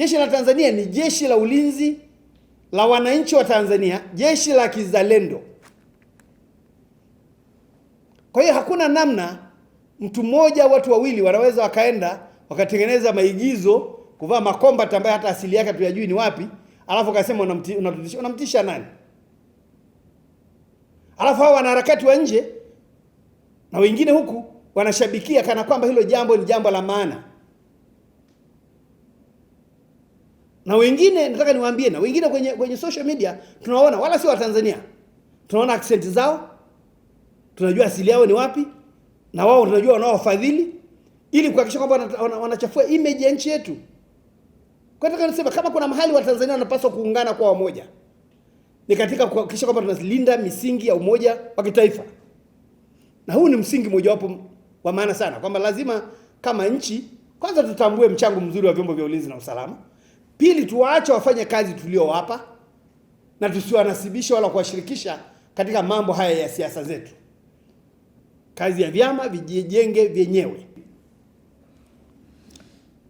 Jeshi la Tanzania ni jeshi la ulinzi la wananchi wa Tanzania, jeshi la kizalendo. Kwa hiyo hakuna namna mtu mmoja, watu wawili wanaweza wakaenda wakatengeneza maigizo kuvaa makombat ambayo hata asili yake hatuyajui ni wapi, alafu akasema unamtisha, unamtisha, unamtisha nani? Alafu hao wanaharakati wa nje na wengine huku wanashabikia kana kwamba hilo jambo ni jambo la maana. na wengine nataka niwaambie, na wengine kwenye kwenye social media tunaona wala si Watanzania, tunaona accent zao, tunajua asili yao ni wapi, na wao tunajua wanaowafadhili, ili kuhakikisha kwamba wanachafua image ya nchi yetu. Kwa nataka nisema kama kuna mahali Watanzania wanapaswa kuungana kwa wamoja ni katika kuhakikisha kwamba tunalinda misingi ya umoja wa kitaifa, na huu ni msingi mojawapo wa maana sana, kwamba lazima kama nchi kwanza tutambue mchango mzuri wa vyombo vya ulinzi na usalama Pili, tuwaache wafanye kazi tuliowapa na tusiwanasibishe wala kuwashirikisha katika mambo haya ya siasa zetu. Kazi ya vyama vijijenge vyenyewe.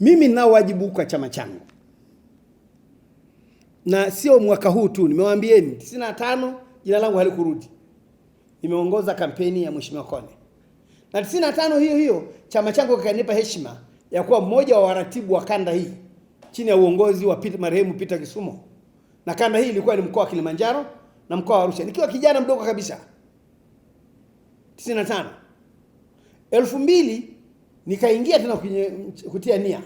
Mimi ninao wajibu kwa chama changu, na sio mwaka huu tu. Nimewaambieni tisini na tano jina langu halikurudi. Nimeongoza kampeni ya Mheshimiwa Kone na tisini na tano hiyo hiyo chama changu kikanipa heshima ya kuwa mmoja wa waratibu wa kanda hii chini ya uongozi wa marehemu Peter Kisumo, na kanda hii ilikuwa ni mkoa wa Kilimanjaro na mkoa wa Arusha. Nikiwa kijana mdogo kabisa 95 elfu mbili nikaingia tena kwenye kutia nia.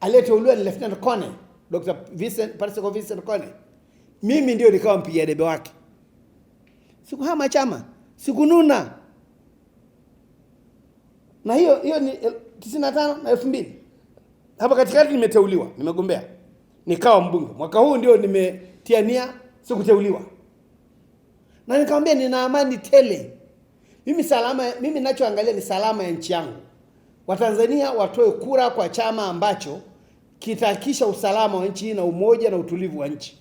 Aliyeteuliwa ni Lieutenant Kone, Dr. Vincent Patrick Vincent Kone, mimi ndio nikawa mpiga debe wake. Sikuhama chama, sikununa. Na hiyo hiyo ni 95 na 2000 hapa katikati nimeteuliwa, nimegombea nikawa mbunge. Mwaka huu ndio nimetia nia, sikuteuliwa na nikamwambia nina amani tele mimi. Salama mimi ninachoangalia ni salama ya nchi yangu. Watanzania watoe kura kwa chama ambacho kitakisha usalama wa nchi hii na umoja na utulivu wa nchi,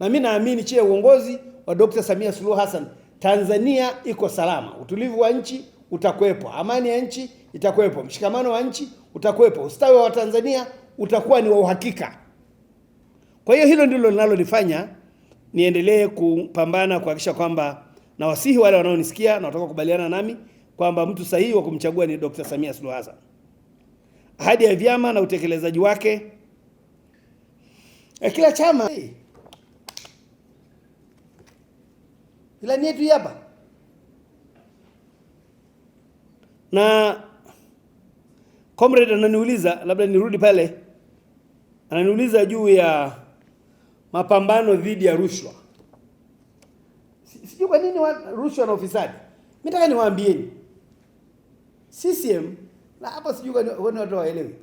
na mimi naamini chini ya uongozi wa Dr. Samia Suluhu Hassan Tanzania iko salama, utulivu wa nchi utakwepo, amani ya nchi itakwepo, mshikamano wa nchi utakwepo, ustawi wa Watanzania utakuwa ni wa uhakika. Kwa hiyo hilo ndilo linalonifanya niendelee kupambana kuhakikisha kwamba na wasihi wale wanaonisikia na wataka kukubaliana nami kwamba mtu sahihi wa kumchagua ni Dr. Samia Suluhu Hassan. Ahadi ya vyama na utekelezaji wake, eh, kila chama ilani yetu hapa na comrade ananiuliza, labda nirudi pale, ananiuliza juu ya mapambano dhidi ya rushwa. Sijui kwa nini rushwa na ufisadi. Mimi nataka niwaambieni CCM na hapa, sijui kwa nini watu waelewi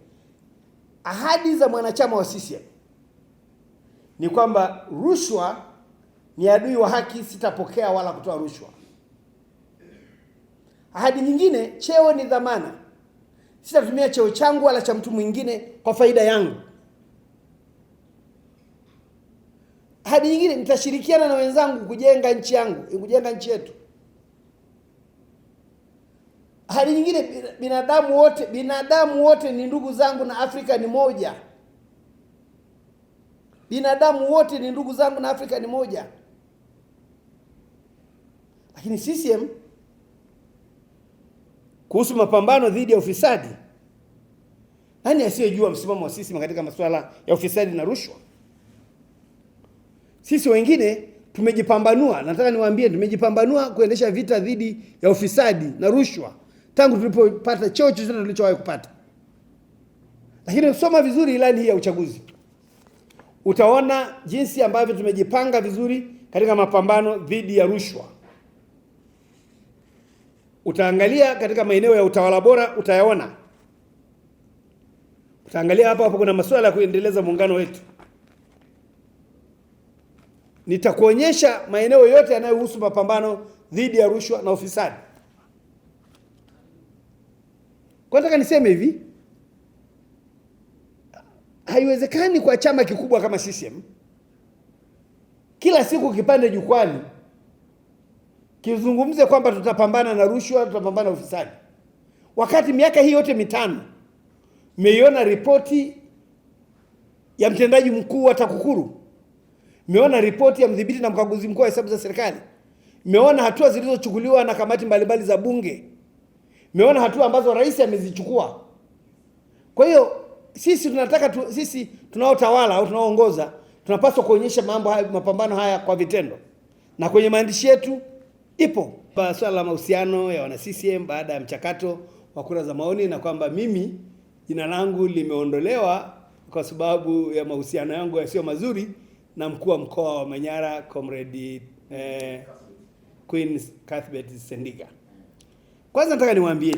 Ahadi za mwanachama wa CCM ni kwamba rushwa ni adui wa haki, sitapokea wala kutoa rushwa. Ahadi nyingine, cheo ni dhamana, sitatumia cheo changu wala cha mtu mwingine kwa faida yangu. Ahadi nyingine, nitashirikiana na wenzangu kujenga nchi yangu, eh, kujenga nchi yetu. Ahadi nyingine, binadamu wote, binadamu wote ni ndugu zangu na Afrika ni moja. Binadamu wote ni ndugu zangu na Afrika ni moja. Lakini CCM kuhusu mapambano dhidi ya ufisadi. Nani asiyejua msimamo wa sisi katika masuala ya ufisadi na rushwa? Sisi wengine tumejipambanua, nataka niwaambie, tumejipambanua kuendesha vita dhidi ya ufisadi na rushwa tangu tulipopata cheo chochote tulichowahi kupata. Lakini soma vizuri ilani hii ya uchaguzi, utaona jinsi ambavyo tumejipanga vizuri katika mapambano dhidi ya rushwa. Utaangalia katika maeneo ya utawala bora utayaona. Utaangalia hapa hapo kuna masuala ya kuendeleza muungano wetu. Nitakuonyesha maeneo yote yanayohusu mapambano dhidi ya rushwa na ufisadi. Kwa nataka niseme hivi, haiwezekani kwa chama kikubwa kama CCM kila siku kipande jukwani kizungumze kwamba tutapambana na rushwa, tutapambana ufisadi, wakati miaka hii yote mitano mmeiona ripoti ya mtendaji mkuu wa TAKUKURU, mmeona ripoti ya mdhibiti na mkaguzi mkuu wa hesabu za serikali, mmeona hatua zilizochukuliwa na kamati mbalimbali za Bunge, mmeona hatua ambazo rais amezichukua. Kwa hiyo sisi tunataka tu, sisi tunaotawala au tunaoongoza tunapaswa kuonyesha mambo haya, mapambano haya kwa vitendo na kwenye maandishi yetu ipo swala la mahusiano ya wana CCM baada ya mchakato wa kura za maoni, na kwamba mimi jina langu limeondolewa kwa sababu ya mahusiano yangu yasiyo mazuri na mkuu wa mkoa wa Manyara comrade eh, Queen Cuthbert Sendiga. Kwanza nataka niwaambie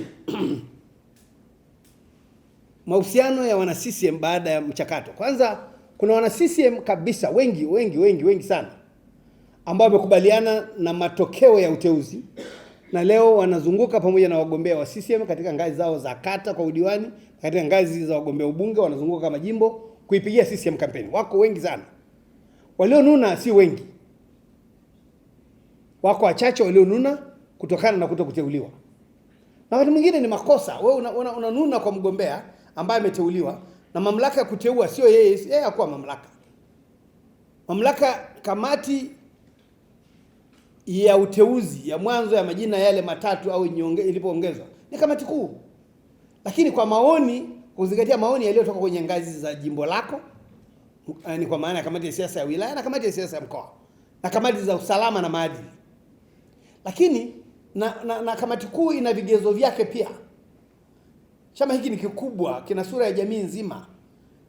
mahusiano ya wana CCM baada ya mchakato. Kwanza kuna wana CCM kabisa wengi wengi wengi wengi sana ambao wamekubaliana na matokeo ya uteuzi na leo wanazunguka pamoja na wagombea wa CCM katika ngazi zao za kata kwa udiwani, katika ngazi za wagombea ubunge, wanazunguka kama jimbo kuipigia CCM kampeni. Wako wengi sana, walionuna si wengi, wako wachache walionuna kutokana na kuto kuteuliwa, na wakati mwingine ni makosa. Wewe unanuna una, una kwa mgombea ambaye ameteuliwa na mamlaka ya kuteua sio yeye, yeye hakuwa mamlaka mamlaka kamati ya uteuzi ya mwanzo ya majina yale matatu au ilipoongezwa ni kamati kuu, lakini kwa maoni, kuzingatia maoni yaliyotoka kwenye ngazi za jimbo lako, eh, ni kwa maana ya kamati ya siasa ya wilaya na kamati ya siasa ya mkoa na kamati za usalama na maadili, lakini na, na, na kamati kuu ina vigezo vyake pia. Chama hiki ni kikubwa, kina sura ya jamii nzima,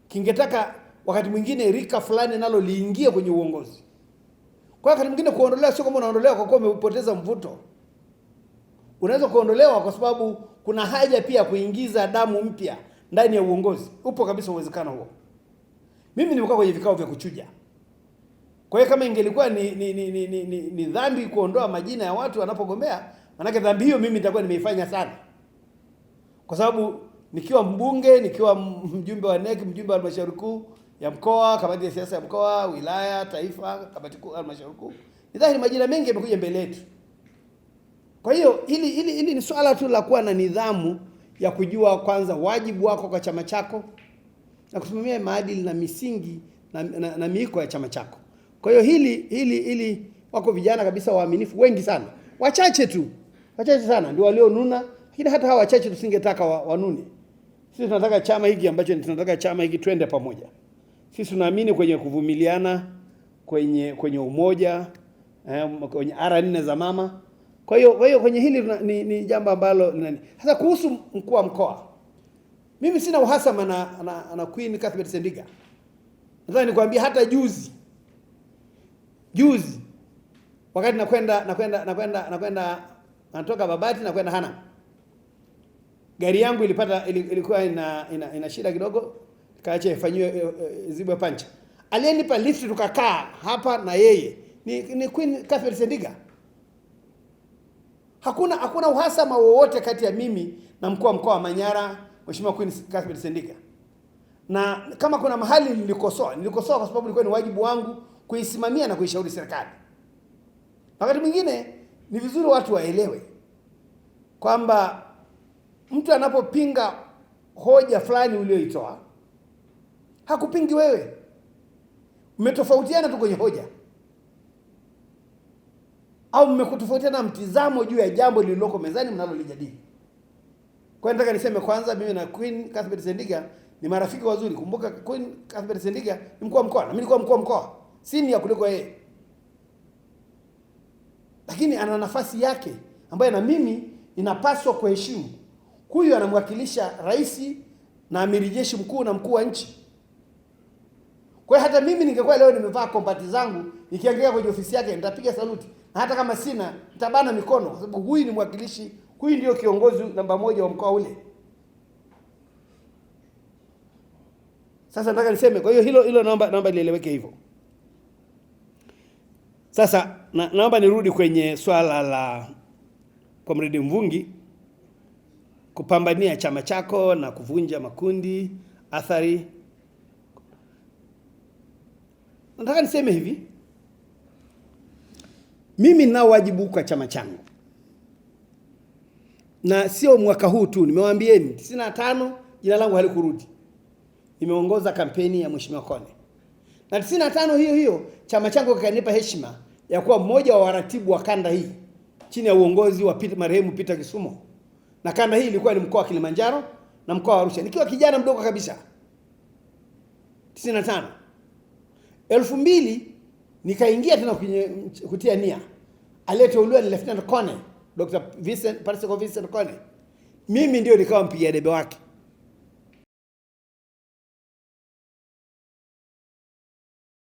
kingetaka wakati mwingine rika fulani nalo liingie kwenye uongozi. Kwa wakati mwingine kuondolewa sio kama unaondolewa kwa kuwa umepoteza mvuto. Unaweza kuondolewa kwa sababu kuna haja pia kuingiza damu mpya ndani ya uongozi. Upo kabisa uwezekano huo. Mimi nimekuwa kwenye vikao vya kuchuja. Kwa hiyo kama ingelikuwa ni ni, ni, ni, ni, ni, ni dhambi kuondoa majina ya watu wanapogomea, manake dhambi hiyo mimi nitakuwa nimeifanya sana, kwa sababu nikiwa mbunge, nikiwa mjumbe wa NEC, mjumbe wa halmashauri kuu ya mkoa, kamati ya siasa ya mkoa, wilaya, taifa, kamati kuu, halmashauri kuu. Ni dhahiri majina mengi yamekuja mbele yetu. Kwa hiyo hili hili hili ni swala tu la kuwa na nidhamu ya kujua kwanza wajibu wako kwa chama chako na kusimamia maadili na misingi na, na, na miiko ya chama chako. Kwa hiyo hili hili hili wako vijana kabisa waaminifu wengi sana. Wachache tu. Wachache sana ndio walionuna, lakini hata hawa wachache tusingetaka wanune. Sisi tunataka chama hiki ambacho tunataka chama hiki twende pamoja. Sisi tunaamini kwenye kuvumiliana, kwenye kwenye umoja eh, kwenye ara nne za mama. Kwa hiyo kwa hiyo kwenye hili ni, ni jambo ambalo sasa. Kuhusu mkuu wa mkoa, mimi sina uhasama na, na, na Queen Cuthbert Sendiga. Nataka nikwambia hata juzi juzi wakati nakwenda nakwenda nakwenda nakwenda natoka Babati nakwenda Hanang', gari yangu ilipata ilikuwa ina, ina, ina shida kidogo kaacha ifanyiwe eh, eh, zibwe pancha. Aliyenipa lift tukakaa hapa na yeye ni, ni Queen Catherine Sendiga. Hakuna hakuna uhasama wowote kati ya mimi na mkuu wa mkoa wa Manyara Mheshimiwa Queen Catherine Sendiga. Na kama kuna mahali nilikosoa, nilikosoa kwa sababu ilikuwa ni wajibu wangu kuisimamia na kuishauri serikali. Wakati mwingine ni vizuri watu waelewe kwamba mtu anapopinga hoja fulani ulioitoa hakupingi wewe, mmetofautiana tu kwenye hoja au mmekutofautiana mtizamo juu ya jambo lililoko mezani mnalolijadili. Kwa nataka niseme kwanza, mimi na Queen Cuthbert Sendiga ni marafiki wazuri. Kumbuka Queen Cuthbert Sendiga ni mkuu wa mkoa na mimi nilikuwa mkuu wa mkoa, sini ya kuliko yeye, lakini ana nafasi yake ambayo na mimi ninapaswa kuheshimu. Huyu anamwakilisha rais na amiri jeshi mkuu na mkuu wa nchi. Kwa hiyo hata mimi ningekuwa leo nimevaa kombati zangu nikiangalia kwenye ofisi yake nitapiga saluti, na hata kama sina nitabana mikono, kwa sababu huyu ni mwakilishi, huyu ndio kiongozi namba moja wa mkoa ule. Sasa nataka niseme, kwa hiyo hilo hilo naomba naomba lieleweke hivyo. Sasa na, naomba nirudi kwenye swala la Comrade Mvungi kupambania chama chako na kuvunja makundi athari Nataka niseme hivi, mimi ninao wajibu kwa chama changu, na sio mwaka huu tu. Nimewaambieni 95 jina langu halikurudi. Nimeongoza kampeni ya Mheshimiwa Kone na 95 hiyo hiyo chama changu kikanipa heshima ya kuwa mmoja wa waratibu wa kanda hii chini ya uongozi wa Peter, marehemu Peter Kisumo, na kanda hii ilikuwa ni mkoa wa Kilimanjaro na mkoa wa Arusha nikiwa kijana mdogo kabisa 95 elfu mbili nikaingia tena kwenye kutia nia, aliyeteuliwa ni Lieutenant Kone, Dr. Vincent Patrick Vincent Kone, mimi ndio nikawa mpiga debe wake.